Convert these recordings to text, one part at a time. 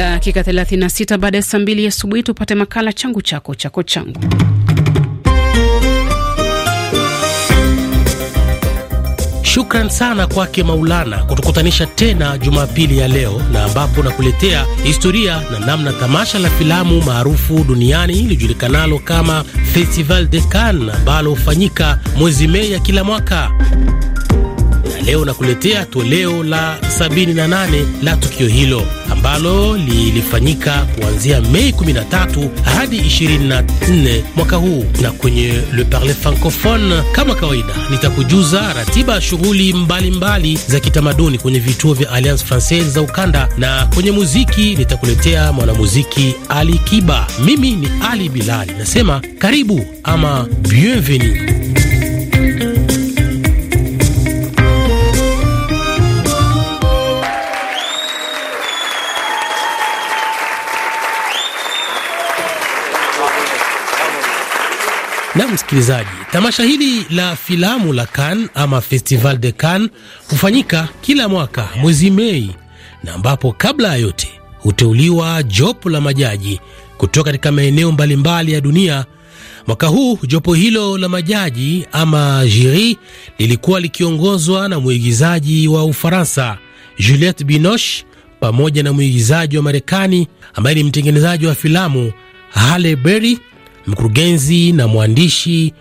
Dakika 36 baada ya saa mbili asubuhi tupate makala changu chako chako changu. Shukran sana kwake Maulana kutukutanisha tena Jumapili ya leo, na ambapo nakuletea historia na namna tamasha la filamu maarufu duniani lilijulikanalo kama Festival de Cannes ambalo hufanyika mwezi Mei ya kila mwaka leo nakuletea toleo la 78 la tukio hilo ambalo lilifanyika kuanzia Mei 13 hadi 24 mwaka huu, na kwenye Le Parler Francophone kama kawaida, nitakujuza ratiba ya shughuli mbalimbali za kitamaduni kwenye vituo vya Alliance Francaise za ukanda, na kwenye muziki nitakuletea mwanamuziki Ali Kiba. Mimi ni Ali Bilali, nasema karibu ama bienvenue. Na msikilizaji, tamasha hili la filamu la Cannes ama Festival de Cannes hufanyika kila mwaka mwezi Mei, na ambapo kabla ya yote huteuliwa jopo la majaji kutoka katika maeneo mbalimbali ya dunia. Mwaka huu jopo hilo la majaji ama jiri lilikuwa likiongozwa na mwigizaji wa Ufaransa Juliette Binoche pamoja na mwigizaji wa Marekani ambaye ni mtengenezaji wa filamu Halle Berry Mkurugenzi na mwandishi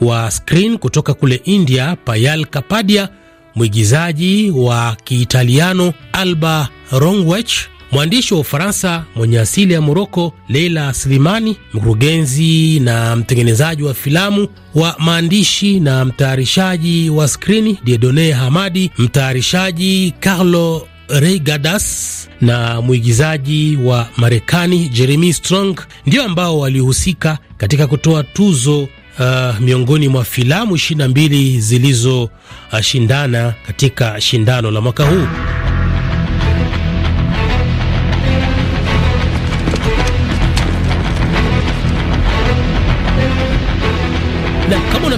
wa Screen kutoka kule India, Payal Kapadia, mwigizaji wa Kiitaliano Alba Rongwech, mwandishi wa Ufaransa mwenye asili ya Moroko Leila Slimani, mkurugenzi na mtengenezaji wa filamu wa maandishi na mtayarishaji wa skrini Diedone Hamadi, mtayarishaji Carlo Ray Gadas na mwigizaji wa Marekani Jeremy Strong ndio ambao walihusika katika kutoa tuzo uh, miongoni mwa filamu 22 zilizoshindana uh, katika shindano la mwaka huu.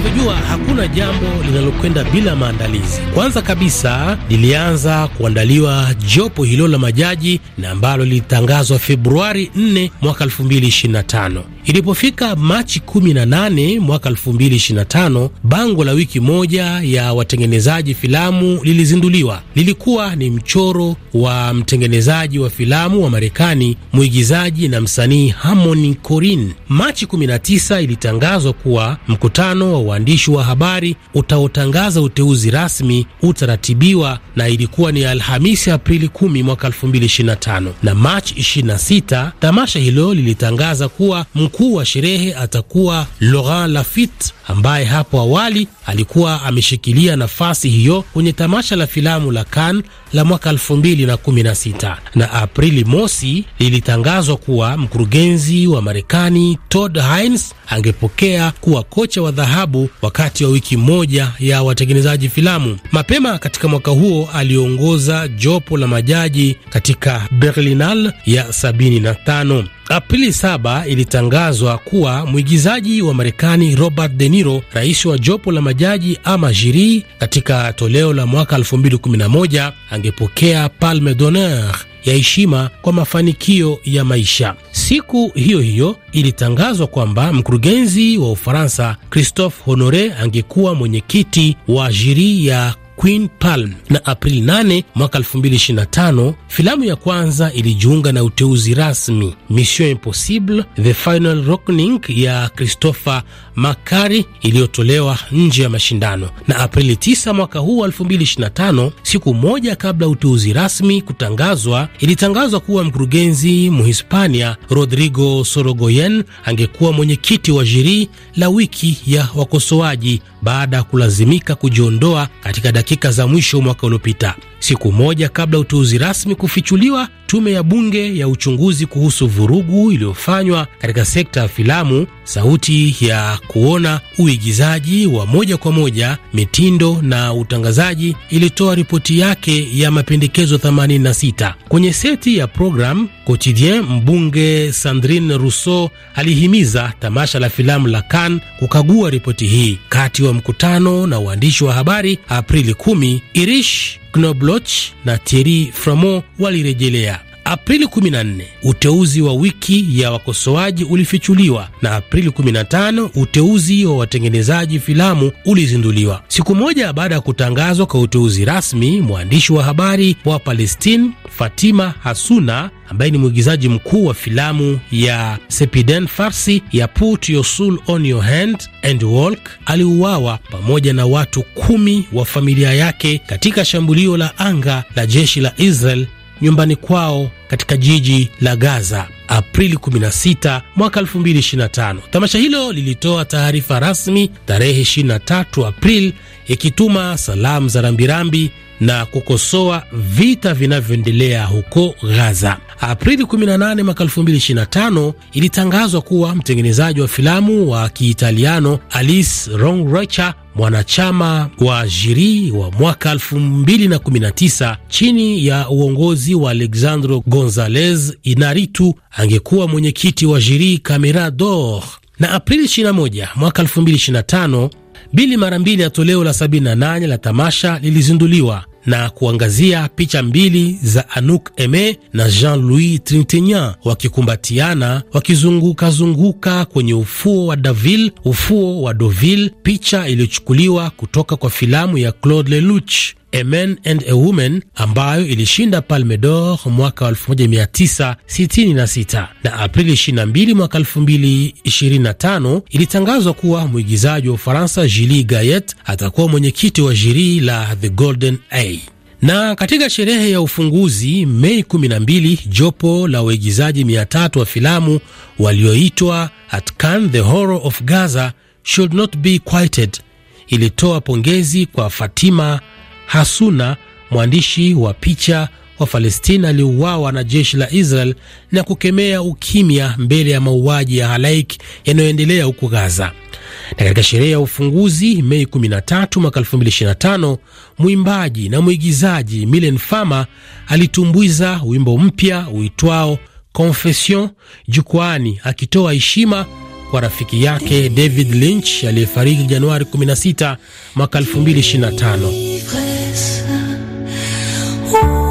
unavyojua hakuna jambo linalokwenda bila maandalizi. Kwanza kabisa lilianza kuandaliwa jopo hilo la majaji na ambalo lilitangazwa Februari 4 mwaka 2025. Ilipofika Machi 18 mwaka 2025, bango la wiki moja ya watengenezaji filamu lilizinduliwa. Lilikuwa ni mchoro wa mtengenezaji wa filamu wa Marekani, mwigizaji na msanii Harmony Korine. Machi 19 ilitangazwa kuwa mkutano wa waandishi wa habari utaotangaza uteuzi rasmi utaratibiwa, na ilikuwa ni Alhamisi Aprili 10 mwaka 2025, na Machi 26 tamasha hilo lilitangaza kuwa mkuu wa sherehe atakuwa Laurent Lafitte ambaye hapo awali alikuwa ameshikilia nafasi hiyo kwenye tamasha la filamu la Cannes la mwaka elfu mbili na kumi na sita na Aprili mosi lilitangazwa kuwa mkurugenzi wa Marekani Todd Haynes angepokea kuwa kocha wa dhahabu wakati wa wiki moja ya watengenezaji filamu. Mapema katika mwaka huo aliongoza jopo la majaji katika Berlinale ya 75. Aprili saba ilitangazwa kuwa mwigizaji wa Marekani Robert De Niro rais wa jopo la majaji ama jiri katika toleo la mwaka 2011 angepokea Palme d'Honneur ya heshima kwa mafanikio ya maisha. Siku hiyo hiyo ilitangazwa kwamba mkurugenzi wa Ufaransa Christophe Honore angekuwa mwenyekiti wa jiri ya Queen Palm na Aprili 8 mwaka 2025 filamu ya kwanza ilijiunga na uteuzi rasmi. Mission Impossible The Final Reckoning ya Christopher Makari iliyotolewa nje ya mashindano. Na Aprili 9 mwaka huu 2025, siku moja kabla uteuzi rasmi kutangazwa, ilitangazwa kuwa mkurugenzi Muhispania Rodrigo Sorogoyen angekuwa mwenyekiti wa jiri la wiki ya wakosoaji baada ya kulazimika kujiondoa katika dakika dakika za mwisho mwaka uliopita. Siku moja kabla uteuzi rasmi kufichuliwa, tume ya bunge ya uchunguzi kuhusu vurugu iliyofanywa katika sekta ya filamu, sauti ya kuona, uigizaji wa moja kwa moja, mitindo na utangazaji ilitoa ripoti yake ya mapendekezo 86. Kwenye seti ya program Quotidien, mbunge Sandrine Rousseau alihimiza tamasha la filamu la Cannes kukagua ripoti hii. Kati wa mkutano na uandishi wa habari Aprili 10, Irish Knobloch na Thierry Framont walirejelea. Aprili 14 uteuzi wa wiki ya wakosoaji ulifichuliwa, na Aprili 15 uteuzi wa watengenezaji filamu ulizinduliwa. Siku moja baada ya kutangazwa kwa uteuzi rasmi, mwandishi wa habari wa Palestine Fatima Hasuna ambaye ni mwigizaji mkuu wa filamu ya Sepiden Farsi ya Put Your Soul on Your Hand and Walk aliuawa pamoja na watu kumi wa familia yake katika shambulio la anga la jeshi la Israel nyumbani kwao katika jiji la Gaza Aprili 16 mwaka 2025. Tamasha hilo lilitoa taarifa rasmi tarehe 23 Aprili ikituma salamu za rambirambi na kukosoa vita vinavyoendelea huko Gaza. Aprili 18 mwaka 2025 ilitangazwa kuwa mtengenezaji wa filamu wa Kiitaliano Alice Rohrwacher mwanachama wa jiri wa mwaka 2019 chini ya uongozi wa Alexandro Gonzalez Inaritu angekuwa mwenyekiti wa jiri camera dor Na Aprili 21 mwaka 2025, bili mara mbili ya toleo la 78 la tamasha lilizinduliwa na kuangazia picha mbili za Anouk Eme na Jean-Louis Trintignant wakikumbatiana wakizungukazunguka kwenye ufuo wa daville ufuo wa Deauville, picha iliyochukuliwa kutoka kwa filamu ya Claude Lelouch. A Man and a Woman ambayo ilishinda Palme d'Or mwaka 1966 na Aprili 22 mwaka 2025 ilitangazwa kuwa mwigizaji wa Ufaransa Julie Gayet atakuwa mwenyekiti wa jiri la The Golden A na katika sherehe ya ufunguzi Mei 12, jopo la waigizaji 300 wa filamu walioitwa At Cannes the Horror of Gaza Should Not Be Quieted ilitoa pongezi kwa Fatima Hasuna, mwandishi wa picha wa Falestina aliuawa na jeshi la Israel na kukemea ukimya mbele ya mauaji ya halaik yanayoendelea huko Gaza. Na katika sherehe ya ufunguzi Mei 13 mwaka 2025, mwimbaji na mwigizaji Milen Farmer alitumbuiza wimbo mpya uitwao Confession jukwani akitoa heshima kwa rafiki yake David Lynch aliyefariki Januari 16 mwaka 2025.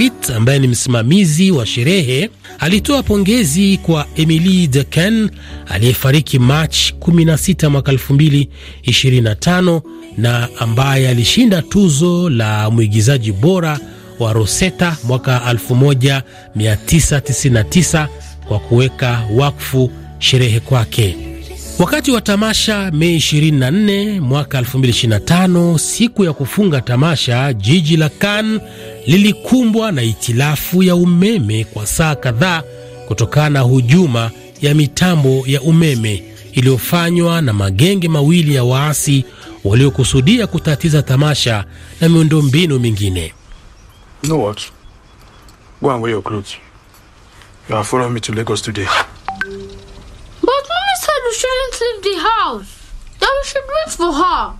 Lafitte ambaye ni msimamizi wa sherehe alitoa pongezi kwa Emilie Decan aliyefariki March 16 mwaka 2025 na ambaye alishinda tuzo la mwigizaji bora wa Rosetta mwaka 1999 kwa kuweka wakfu sherehe kwake. Wakati wa tamasha Mei 24 mwaka 2025, siku ya kufunga tamasha, jiji la Cannes lilikumbwa na itilafu ya umeme kwa saa kadhaa kutokana na hujuma ya mitambo ya umeme iliyofanywa na magenge mawili ya waasi waliokusudia kutatiza tamasha na miundombinu mingine. You know what? Mama shouldn't leave the house. Then we should wait for her.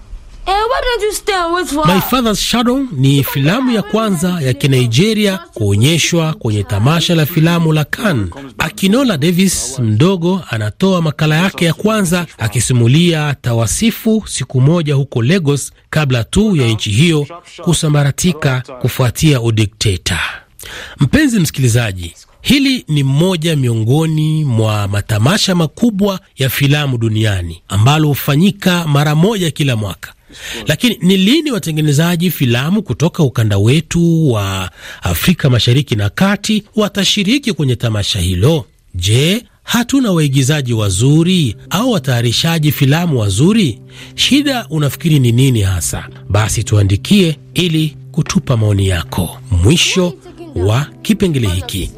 Eh, My Father's Shadow ni filamu ya kwanza ya Kinigeria kuonyeshwa kwenye tamasha la filamu la Cannes. Akinola Davis mdogo anatoa makala yake ya kwanza akisimulia tawasifu siku moja huko Lagos kabla tu ya nchi hiyo kusambaratika kufuatia udikteta. Mpenzi msikilizaji, Hili ni mmoja miongoni mwa matamasha makubwa ya filamu duniani ambalo hufanyika mara moja kila mwaka. Lakini ni lini watengenezaji filamu kutoka ukanda wetu wa Afrika Mashariki na Kati watashiriki kwenye tamasha hilo? Je, hatuna waigizaji wazuri au watayarishaji filamu wazuri? Shida unafikiri ni nini hasa? Basi tuandikie ili kutupa maoni yako. Mwisho wa kipengele hiki.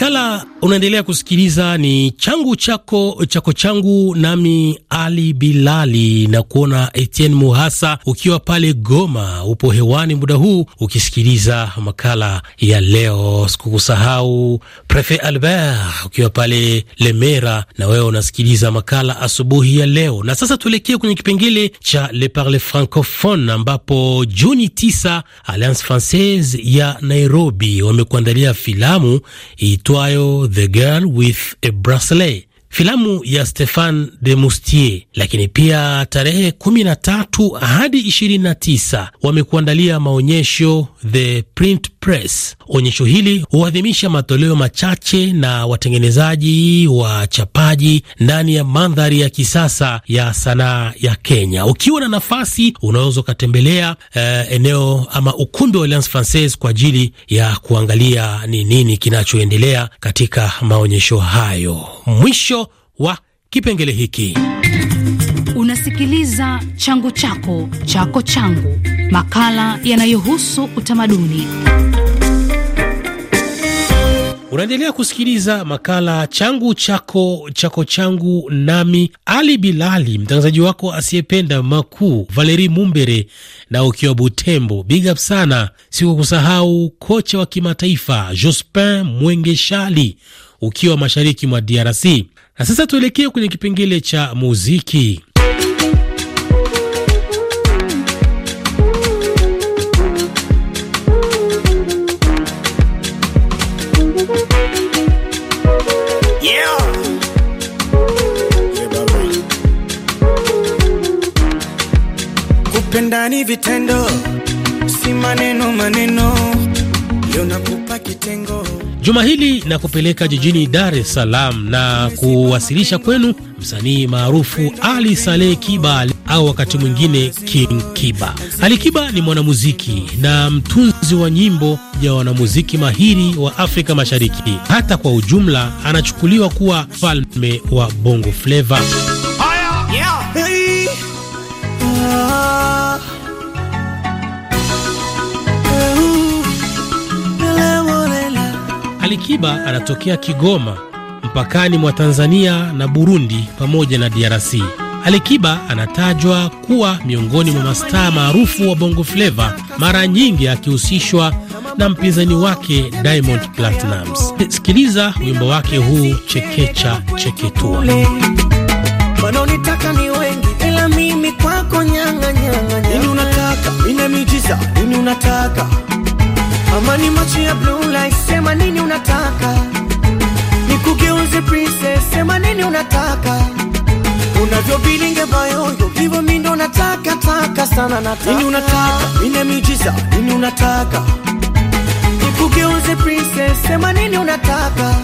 Makala unaendelea kusikiliza ni changu chako chako changu, nami Ali Bilali na kuona Etienne Muhasa ukiwa pale Goma, upo hewani muda huu ukisikiliza makala ya leo. Sikukusahau Prefe Albert ukiwa pale Lemera, na wewe unasikiliza makala asubuhi ya leo. Na sasa tuelekee kwenye kipengele cha Le Parle Francophone, ambapo Juni 9 Alliance Francaise ya Nairobi wamekuandalia filamu aitwayo The Girl with a Bracelet filamu ya Stefan de Mustier. Lakini pia tarehe 13 hadi 29 wamekuandalia maonyesho The Print Press. Onyesho hili huadhimisha matoleo machache na watengenezaji wa chapaji ndani ya mandhari ya kisasa ya sanaa ya Kenya. Ukiwa na nafasi, unaweza ukatembelea eh, eneo ama ukumbi wa Alliance Francaise kwa ajili ya kuangalia ni nini kinachoendelea katika maonyesho hayo. Mwisho wa kipengele hiki. Unasikiliza changu chako chako changu, makala yanayohusu utamaduni. Unaendelea kusikiliza makala changu chako chako changu, nami Ali Bilali, mtangazaji wako asiyependa makuu, Valeri Mumbere, na ukiwa Butembo, big up sana. kusahau kocha wa kimataifa Jospin Mwengeshali, ukiwa mashariki mwa DRC. Na sasa tuelekee kwenye kipengele cha muziki. Kupendani vitendo si maneno maneno, leo nakupa kitengo Juma hili na kupeleka jijini Dar es Salaam na kuwasilisha kwenu msanii maarufu Ali Saleh Kiba au wakati mwingine King Kiba. Ali Kiba ni mwanamuziki na mtunzi wa nyimbo ya wanamuziki mahiri wa Afrika Mashariki. Hata kwa ujumla anachukuliwa kuwa falme wa Bongo Flava. Alikiba anatokea Kigoma, mpakani mwa Tanzania na Burundi pamoja na DRC. Alikiba anatajwa kuwa miongoni mwa mastaa maarufu wa Bongo Fleva, mara nyingi akihusishwa na mpinzani wake Diamond Platnumz. Sikiliza wimbo wake huu Chekecha Cheketua. hiyo bilinge bayo yo hivyo mimi ndo nataka taka sana nataka nini unataka mimi miujiza nini unataka nikugeuze princess sema nini unataka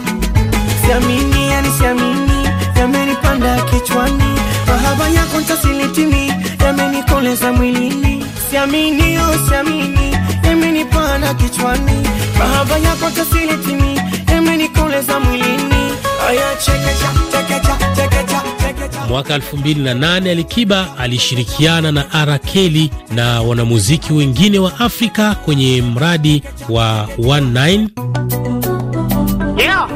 siamini yani siamini yamenipanda kichwani mahaba yako ntasilitimi yamenikoleza mwilini siamini yo oh, siamini yamenipanda kichwani mahaba yako ntasilitimi yamenikoleza mwilini aya chekecha chekecha cheke Mwaka 2008 Alikiba alishirikiana na arakeli na wanamuziki wengine wa Afrika kwenye mradi wa 19 yeah.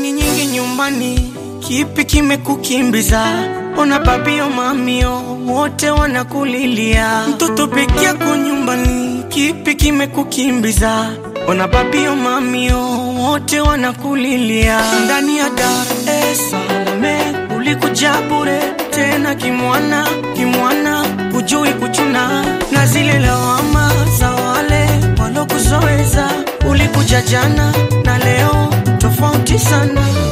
ni nyingi nyumbani, kipi kimekukimbiza? Ona babio mamio wote wanakulilia, mtoto pekee yako nyumbani kipi kimekukimbiza? Ona babi o oh, mami o oh, wote wanakulilia ndani ya Dar es Salaam, ulikuja bure tena kimwana kimwana, hujui kuchuna na zile lawama za wale walokuzoeza. Ulikuja jana na leo tofauti sana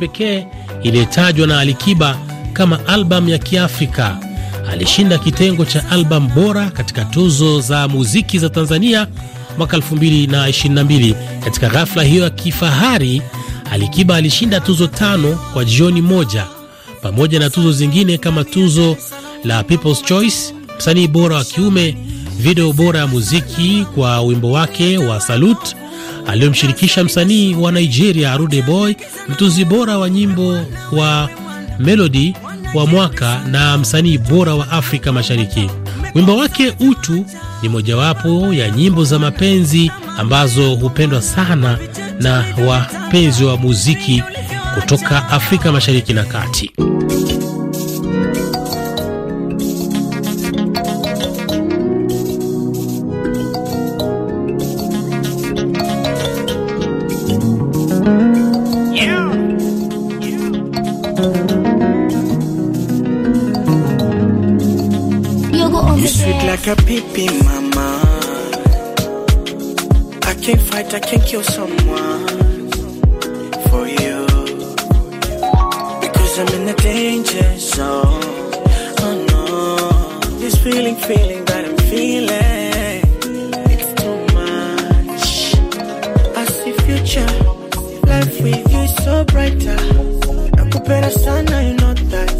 pekee iliyotajwa na Alikiba kama albamu ya Kiafrika. Alishinda kitengo cha albamu bora katika tuzo za muziki za Tanzania mwaka 2022. Katika ghafla hiyo ya kifahari, Alikiba alishinda tuzo tano kwa jioni moja, pamoja na tuzo zingine kama tuzo la People's Choice, msanii bora wa kiume, video bora ya muziki kwa wimbo wake wa Salute aliyomshirikisha msanii wa Nigeria Rude Boy, mtunzi bora wa nyimbo wa melodi wa mwaka na msanii bora wa Afrika Mashariki. Wimbo wake Utu ni mojawapo ya nyimbo za mapenzi ambazo hupendwa sana na wapenzi wa muziki kutoka Afrika Mashariki na Kati. a baby mama. I can't fight, I can't kill someone for you. Because I'm in a danger zone. Oh no, this feeling, feeling that I'm feeling. It's too much. I see future, life with you so brighter. I could better sana, you know that.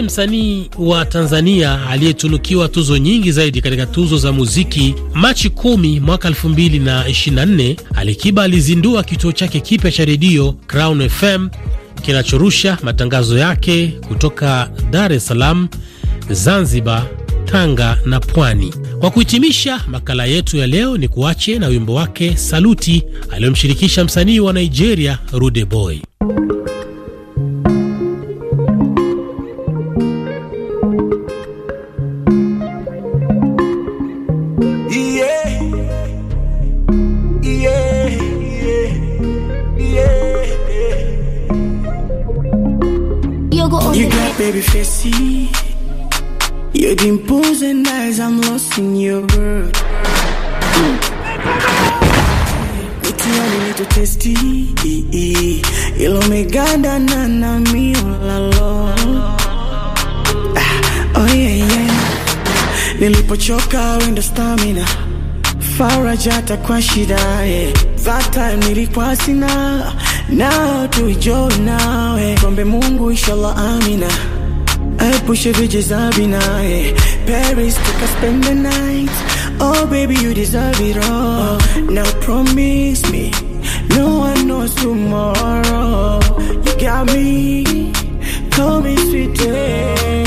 ndiye msanii wa Tanzania aliyetunukiwa tuzo nyingi zaidi katika tuzo za muziki. Machi 10 mwaka 2024, Alikiba alizindua kituo chake kipya cha redio Crown FM kinachorusha matangazo yake kutoka Dar es Salaam, Zanzibar, Tanga na Pwani. Kwa kuhitimisha makala yetu ya leo, ni kuache na wimbo wake Saluti aliyomshirikisha msanii wa Nigeria Rude Boy. stamina Faraja hata kwa shida yeah. That time nilikuwa sina Now to tuijo nawe Kombe Mungu inshallah amina Epushe vije za bina yeah. Paris take a spend the night Oh baby you deserve it all Now promise me No one knows tomorrow You got me Call me sweet day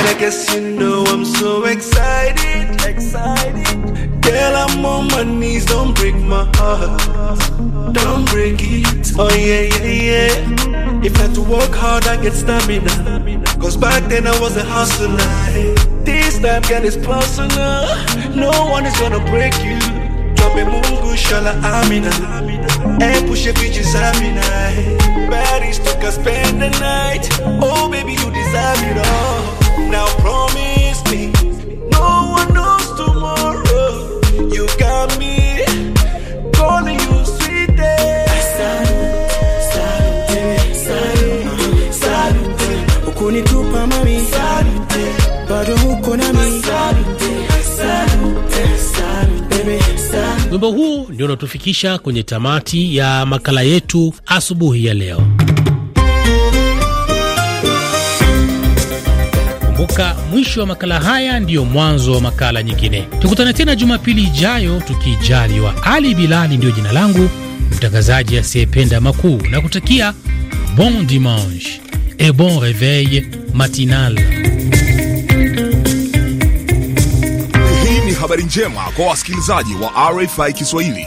And I guess you know I'm so excited, excited. Girl, I'm on my knees, don't break my heart, don't break it. Oh yeah, yeah, yeah. If I had to work hard, I get stamina. Cause back then I was a hustler. This time, girl, it's personal. No one is gonna break you. Drop Tuombe Mungu shala amina Epushe kujizamina Paris took us spend the night Oh baby you deserve it all Now promise me, no one knows tomorrow. You got me calling you sweet day. Salute, salute, salute. mami, salute. Bado huko salute, salute, salute. Wimbo huu ndio unatufikisha kwenye tamati ya makala yetu asubuhi ya leo. kumbuka, mwisho wa makala haya ndiyo mwanzo wa makala nyingine. Tukutane tena Jumapili ijayo tukijaliwa. Ali Bilali ndiyo jina langu, mtangazaji asiyependa makuu, na kutakia bon dimanche et bon reveil matinal. Hii ni habari njema kwa wasikilizaji wa RFI Kiswahili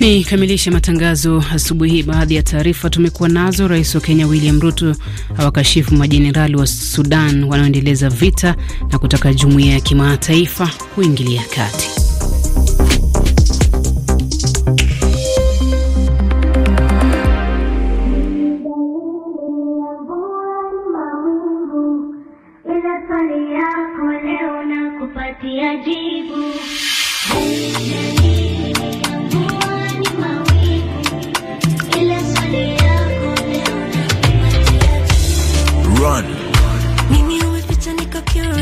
Ni kamilishe matangazo asubuhi hii. Baadhi ya taarifa tumekuwa nazo: Rais wa Kenya William Ruto awakashifu majenerali wa Sudan wanaoendeleza vita na kutaka jumuiya ya kimataifa kuingilia kati.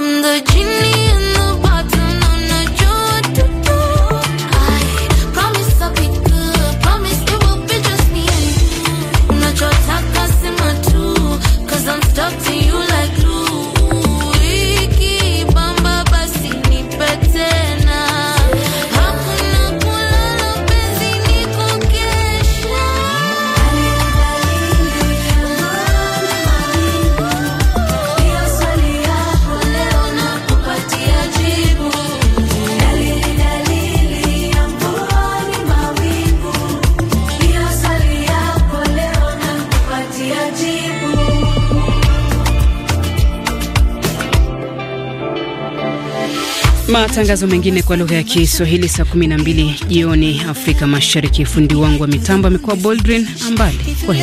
I'm the genie Matangazo mengine kwa lugha ya Kiswahili saa 12 jioni Afrika Mashariki. Fundi wangu wa mitambo amekuwa Boldrin Ambali. Kwa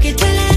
heri.